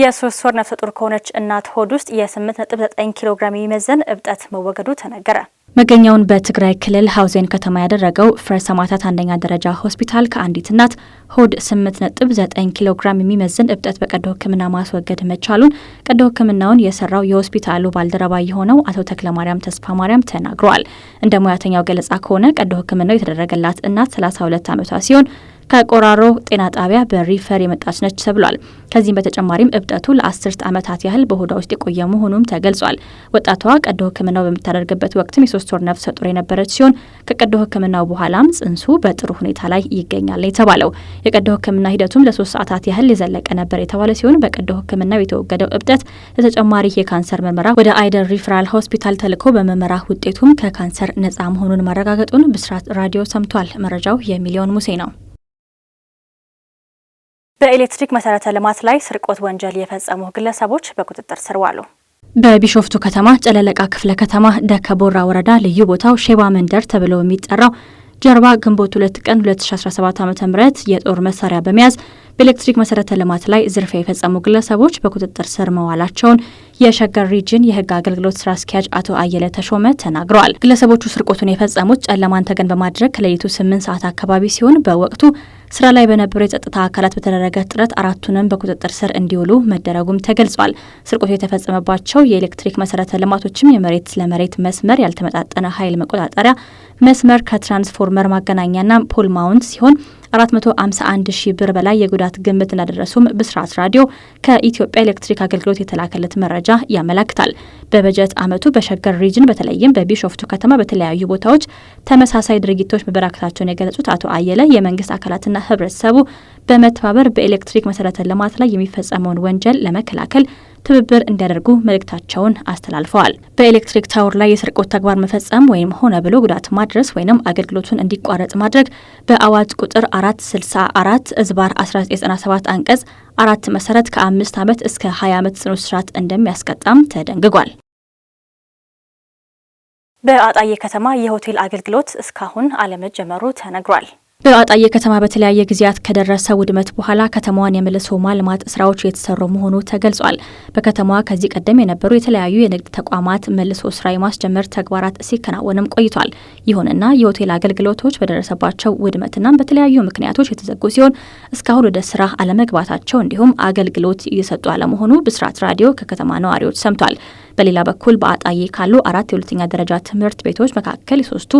የሶስት ወር ነፍሰ ጡር ከሆነች እናት ሆድ ውስጥ የ 9 ኪሎ ግራም የሚመዘን እብጠት መወገዱ ተነገረ። መገኛውን በትግራይ ክልል ሀውዜን ከተማ ያደረገው ፍረ ሰማዕታት አንደኛ ደረጃ ሆስፒታል ከአንዲት እናት ሆድ 8.9 ኪሎ ግራም የሚመዝን እብጠት በቀዶ ሕክምና ማስወገድ መቻሉን ቀዶ ሕክምናውን የሰራው የሆስፒታሉ ባልደረባ የሆነው አቶ ማርያም ተስፋ ማርያም ተናግረዋል። እንደ ሙያተኛው ገለጻ ከሆነ ቀዶ ሕክምናው የተደረገላት እናት 32 ዓመቷ ሲሆን ከቆራሮ ጤና ጣቢያ በሪፈር የመጣች ነች ተብሏል። ከዚህም በተጨማሪም እብጠቱ ለአስርት ዓመታት ያህል በሆዷ ውስጥ የቆየ መሆኑም ተገልጿል። ወጣቷ ቀዶ ሕክምናው በምታደርግበት ወቅትም የሶስት ወር ነፍሰ ጡር የነበረች ሲሆን ከቀዶ ሕክምናው በኋላም ጽንሱ በጥሩ ሁኔታ ላይ ይገኛል የተባለው የቀዶ ሕክምና ሂደቱም ለሶስት ሰዓታት ያህል የዘለቀ ነበር የተባለ ሲሆን በቀዶ ሕክምናው የተወገደው እብጠት ለተጨማሪ የካንሰር ምርመራ ወደ አይደር ሪፈራል ሆስፒታል ተልኮ በምርመራ ውጤቱም ከካንሰር ነጻ መሆኑን ማረጋገጡን ብስራት ራዲዮ ሰምቷል። መረጃው የሚሊዮን ሙሴ ነው። በኤሌክትሪክ መሰረተ ልማት ላይ ስርቆት ወንጀል የፈጸሙ ግለሰቦች በቁጥጥር ስር ዋሉ። በቢሾፍቱ ከተማ ጨለለቃ ክፍለ ከተማ ደከቦራ ወረዳ ልዩ ቦታው ሼባ መንደር ተብሎ የሚጠራው ጀርባ ግንቦት 2 ቀን 2017 ዓ.ም የጦር መሳሪያ በመያዝ በኤሌክትሪክ መሰረተ ልማት ላይ ዝርፊያ የፈጸሙ ግለሰቦች በቁጥጥር ስር መዋላቸውን የሸገር ሪጅን የህግ አገልግሎት ስራ አስኪያጅ አቶ አየለ ተሾመ ተናግረዋል። ግለሰቦቹ ስርቆቱን የፈጸሙት ጨለማን ተገን በማድረግ ከሌሊቱ ስምንት ሰዓት አካባቢ ሲሆን በወቅቱ ስራ ላይ በነበሩ የጸጥታ አካላት በተደረገ ጥረት አራቱንም በቁጥጥር ስር እንዲውሉ መደረጉም ተገልጿል። ስርቆቱ የተፈጸመባቸው የኤሌክትሪክ መሰረተ ልማቶችም የመሬት ለመሬት መስመር፣ ያልተመጣጠነ ኃይል መቆጣጠሪያ መስመር ከትራንስፎርመር ማገናኛና ፖል ማውንት ሲሆን 451 ሺህ ብር በላይ የጉዳት ግምት እንዳደረሱም ብስራት ራዲዮ ከኢትዮጵያ ኤሌክትሪክ አገልግሎት የተላከለት መረጃ ያመላክታል። በበጀት ዓመቱ በሸገር ሪጅን በተለይም በቢሾፍቱ ከተማ በተለያዩ ቦታዎች ተመሳሳይ ድርጊቶች መበራከታቸውን የገለጹት አቶ አየለ የመንግስት አካላትና ህብረተሰቡ በመተባበር በኤሌክትሪክ መሰረተ ልማት ላይ የሚፈጸመውን ወንጀል ለመከላከል ትብብር እንዲያደርጉ መልእክታቸውን አስተላልፈዋል። በኤሌክትሪክ ታወር ላይ የስርቆት ተግባር መፈጸም ወይም ሆነ ብሎ ጉዳት ማድረስ ወይም አገልግሎቱን እንዲቋረጥ ማድረግ በአዋጅ ቁጥር 464 እዝባር 1997 አንቀጽ አራት መሰረት ከአምስት ዓመት እስከ 20 ዓመት ጽኑ እስራት እንደሚያስቀጣም ተደንግጓል። በአጣዬ ከተማ የሆቴል አገልግሎት እስካሁን አለመጀመሩ ተነግሯል። በአጣዬ ከተማ በተለያየ ጊዜያት ከደረሰ ውድመት በኋላ ከተማዋን የመልሶ ማልማት ስራዎች የተሰሩ መሆኑ ተገልጿል። በከተማዋ ከዚህ ቀደም የነበሩ የተለያዩ የንግድ ተቋማት መልሶ ስራ የማስጀመር ተግባራት ሲከናወንም ቆይቷል። ይሁንና የሆቴል አገልግሎቶች በደረሰባቸው ውድመትና በተለያዩ ምክንያቶች የተዘጉ ሲሆን እስካሁን ወደ ስራ አለመግባታቸው እንዲሁም አገልግሎት እየሰጡ አለመሆኑ ብስራት ራዲዮ ከከተማ ነዋሪዎች ሰምቷል። በሌላ በኩል በአጣዬ ካሉ አራት የሁለተኛ ደረጃ ትምህርት ቤቶች መካከል የሶስቱ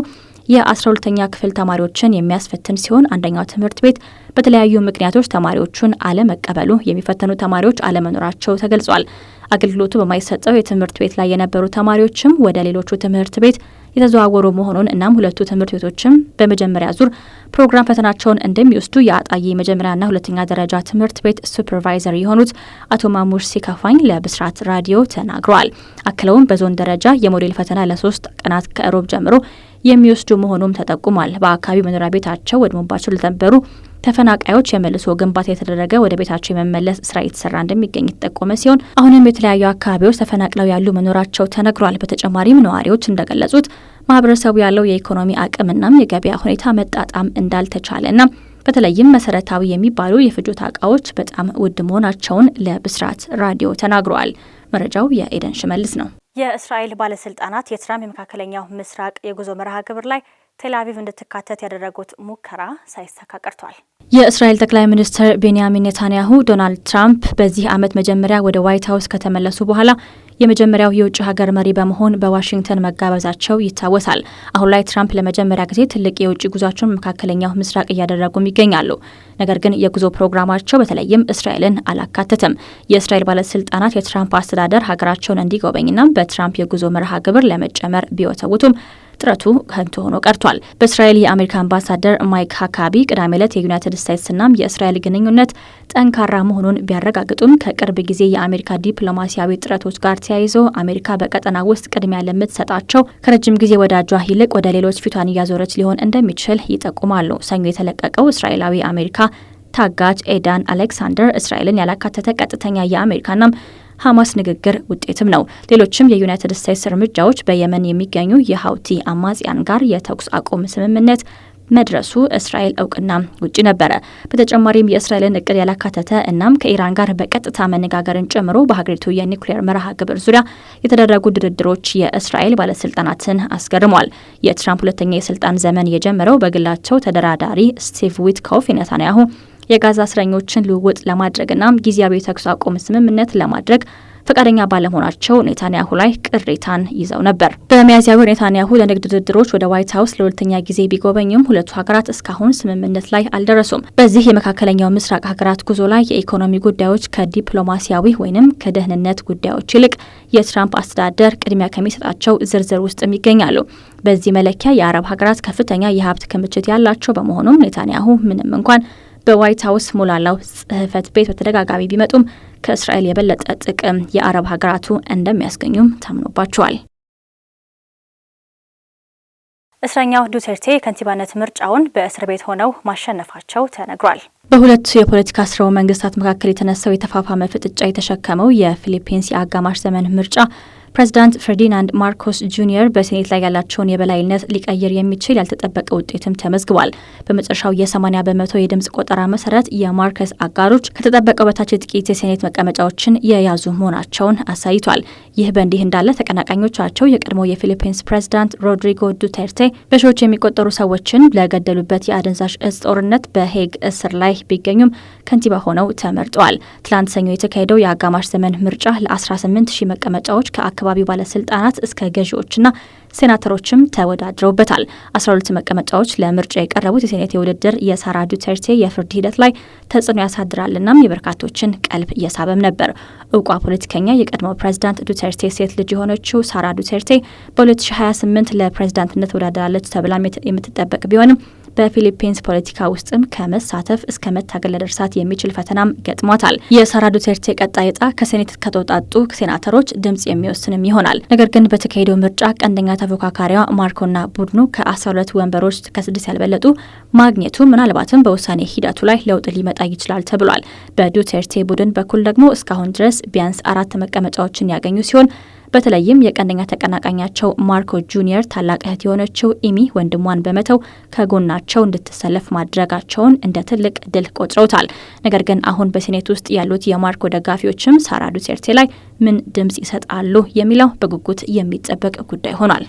የ12ተኛ ክፍል ተማሪዎችን የሚያስፈትን ሲሆን አንደኛው ትምህርት ቤት በተለያዩ ምክንያቶች ተማሪዎቹን አለመቀበሉ፣ የሚፈተኑ ተማሪዎች አለመኖራቸው ተገልጿል። አገልግሎቱ በማይሰጠው የትምህርት ቤት ላይ የነበሩ ተማሪዎችም ወደ ሌሎቹ ትምህርት ቤት የተዘዋወሩ መሆኑን እናም ሁለቱ ትምህርት ቤቶችም በመጀመሪያ ዙር ፕሮግራም ፈተናቸውን እንደሚወስዱ የአጣዬ መጀመሪያና ሁለተኛ ደረጃ ትምህርት ቤት ሱፐርቫይዘር የሆኑት አቶ ማሙሽ ሲከፋኝ ለብስራት ራዲዮ ተናግረዋል። አክለውም በዞን ደረጃ የሞዴል ፈተና ለሶስት ቀናት ከእሮብ ጀምሮ የሚወስዱ መሆኑም ተጠቁሟል። በአካባቢው መኖሪያ ቤታቸው ወድሞባቸው ለተነበሩ ተፈናቃዮች የመልሶ ግንባታ የተደረገ ወደ ቤታቸው የመመለስ ስራ እየተሰራ እንደሚገኝ የተጠቆመ ሲሆን አሁንም የተለያዩ አካባቢዎች ተፈናቅለው ያሉ መኖራቸው ተነግሯል። በተጨማሪም ነዋሪዎች እንደገለጹት ማህበረሰቡ ያለው የኢኮኖሚ አቅምናም የገበያ ሁኔታ መጣጣም እንዳልተቻለና በተለይም መሰረታዊ የሚባሉ የፍጆታ እቃዎች በጣም ውድ መሆናቸውን ለብስራት ራዲዮ ተናግረዋል። መረጃው የኤደን ሽመልስ ነው። የእስራኤል ባለስልጣናት የትራምፕ የመካከለኛው ምስራቅ የጉዞ መርሃ ግብር ላይ ቴል አቪቭ እንድትካተት ያደረጉት ሙከራ ሳይሳካ ቀርቷል። የእስራኤል ጠቅላይ ሚኒስትር ቤንያሚን ኔታንያሁ ዶናልድ ትራምፕ በዚህ ዓመት መጀመሪያ ወደ ዋይት ሀውስ ከተመለሱ በኋላ የመጀመሪያው የውጭ ሀገር መሪ በመሆን በዋሽንግተን መጋበዛቸው ይታወሳል። አሁን ላይ ትራምፕ ለመጀመሪያ ጊዜ ትልቅ የውጭ ጉዟቸውን መካከለኛው ምስራቅ እያደረጉም ይገኛሉ። ነገር ግን የጉዞ ፕሮግራማቸው በተለይም እስራኤልን አላካተተም። የእስራኤል ባለስልጣናት የትራምፕ አስተዳደር ሀገራቸውን እንዲጎበኝና በትራምፕ የጉዞ መርሃ ግብር ለመጨመር ቢወተውቱም ጥረቱ ከንቱ ሆኖ ቀርቷል። በእስራኤል የአሜሪካ አምባሳደር ማይክ ሀካቢ ቅዳሜ ዕለት የዩናይትድ ስቴትስናም የእስራኤል ግንኙነት ጠንካራ መሆኑን ቢያረጋግጡም ከቅርብ ጊዜ የአሜሪካ ዲፕሎማሲያዊ ጥረቶች ጋር ተያይዞ አሜሪካ በቀጠና ውስጥ ቅድሚያ ለምትሰጣቸው ከረጅም ጊዜ ወዳጇ ይልቅ ወደ ሌሎች ፊቷን እያዞረች ሊሆን እንደሚችል ይጠቁማሉ። ሰኞ የተለቀቀው እስራኤላዊ አሜሪካ ታጋጅ ኤዳን አሌክሳንደር እስራኤልን ያላካተተ ቀጥተኛ የአሜሪካናም ሐማስ ንግግር ውጤትም ነው። ሌሎችም የዩናይትድ ስቴትስ እርምጃዎች በየመን የሚገኙ የሀውቲ አማጽያን ጋር የተኩስ አቁም ስምምነት መድረሱ እስራኤል እውቅና ውጪ ነበረ። በተጨማሪም የእስራኤልን እቅድ ያላካተተ እናም ከኢራን ጋር በቀጥታ መነጋገርን ጨምሮ በሀገሪቱ የኒውክሌር መርሃ ግብር ዙሪያ የተደረጉ ድርድሮች የእስራኤል ባለስልጣናትን አስገርሟል። የትራምፕ ሁለተኛ የስልጣን ዘመን የጀመረው በግላቸው ተደራዳሪ ስቲቭ ዊትኮፍ የኔታንያሁ የጋዛ እስረኞችን ልውውጥ ለማድረግና ጊዜያዊ የተኩስ አቁም ስምምነት ለማድረግ ፈቃደኛ ባለመሆናቸው ኔታንያሁ ላይ ቅሬታን ይዘው ነበር። በሚያዝያ ወር ኔታንያሁ ለንግድ ድርድሮች ወደ ዋይት ሀውስ ለሁለተኛ ጊዜ ቢጎበኙም ሁለቱ ሀገራት እስካሁን ስምምነት ላይ አልደረሱም። በዚህ የመካከለኛው ምስራቅ ሀገራት ጉዞ ላይ የኢኮኖሚ ጉዳዮች ከዲፕሎማሲያዊ ወይንም ከደህንነት ጉዳዮች ይልቅ የትራምፕ አስተዳደር ቅድሚያ ከሚሰጣቸው ዝርዝር ውስጥም ይገኛሉ። በዚህ መለኪያ የአረብ ሀገራት ከፍተኛ የሀብት ክምችት ያላቸው በመሆኑም ኔታንያሁ ምንም እንኳን በዋይት ሀውስ ሞላላው ጽህፈት ቤት በተደጋጋሚ ቢመጡም ከእስራኤል የበለጠ ጥቅም የአረብ ሀገራቱ እንደሚያስገኙም ታምኖባቸዋል። እስረኛው ዱቴርቴ ከንቲባነት ምርጫውን በእስር ቤት ሆነው ማሸነፋቸው ተነግሯል። በሁለቱ የፖለቲካ ስርወ መንግስታት መካከል የተነሳው የተፋፋመ ፍጥጫ የተሸከመው የፊሊፒንስ የአጋማሽ ዘመን ምርጫ ፕሬዚዳንት ፈርዲናንድ ማርኮስ ጁኒየር በሴኔት ላይ ያላቸውን የበላይነት ሊቀይር የሚችል ያልተጠበቀ ውጤትም ተመዝግቧል። በመጨረሻው የ80 በመቶ የድምጽ ቆጠራ መሰረት የማርከስ አጋሮች ከተጠበቀው በታች ጥቂት የሴኔት መቀመጫዎችን የያዙ መሆናቸውን አሳይቷል። ይህ በእንዲህ እንዳለ ተቀናቃኞቻቸው የቀድሞ የፊሊፒንስ ፕሬዚዳንት ሮድሪጎ ዱቴርቴ በሺዎች የሚቆጠሩ ሰዎችን ለገደሉበት የአደንዛዥ እጽ ጦርነት በሄግ እስር ላይ ቢገኙም ከንቲባ ሆነው ተመርጠዋል። ትላንት ሰኞ የተካሄደው የአጋማሽ ዘመን ምርጫ ለ18 ሺህ መቀመጫዎች ከአካባቢ የአካባቢው ባለስልጣናት እስከ ገዢዎችና ሴናተሮችም ተወዳድረውበታል። አስራ ሁለት መቀመጫዎች ለምርጫ የቀረቡት የሴኔት ውድድር የሳራ ዱተርቴ የፍርድ ሂደት ላይ ተጽዕኖ ያሳድራልናም የበርካቶችን ቀልብ እየሳበም ነበር። እውቋ ፖለቲከኛ የቀድሞ ፕሬዚዳንት ዱተርቴ ሴት ልጅ የሆነችው ሳራ ዱተርቴ በ2028 ለፕሬዚዳንትነት ወዳደራለች ተብላም የምትጠበቅ ቢሆንም በፊሊፒንስ ፖለቲካ ውስጥም ከመሳተፍ እስከ መታገል ለደርሳት የሚችል ፈተናም ገጥሟታል። የሳራ ዱቴርቴ ቀጣይ እጣ ከሴኔት ከተውጣጡ ሴናተሮች ድምጽ የሚወስንም ይሆናል። ነገር ግን በተካሄደው ምርጫ ቀንደኛ ተፎካካሪዋ ማርኮና ቡድኑ ከ12 ወንበሮች ከስድስት ያልበለጡ ማግኘቱ ምናልባትም በውሳኔ ሂደቱ ላይ ለውጥ ሊመጣ ይችላል ተብሏል። በዱቴርቴ ቡድን በኩል ደግሞ እስካሁን ድረስ ቢያንስ አራት መቀመጫዎችን ያገኙ ሲሆን በተለይም የቀንደኛ ተቀናቃኛቸው ማርኮ ጁኒየር ታላቅ እህት የሆነችው ኢሚ ወንድሟን በመተው ከጎና ፓርቲያቸው እንድትሰለፍ ማድረጋቸውን እንደ ትልቅ ድል ቆጥረውታል። ነገር ግን አሁን በሴኔት ውስጥ ያሉት የማርኮ ደጋፊዎችም ሳራ ዱቴርቴ ላይ ምን ድምጽ ይሰጣሉ የሚለው በጉጉት የሚጠበቅ ጉዳይ ሆኗል።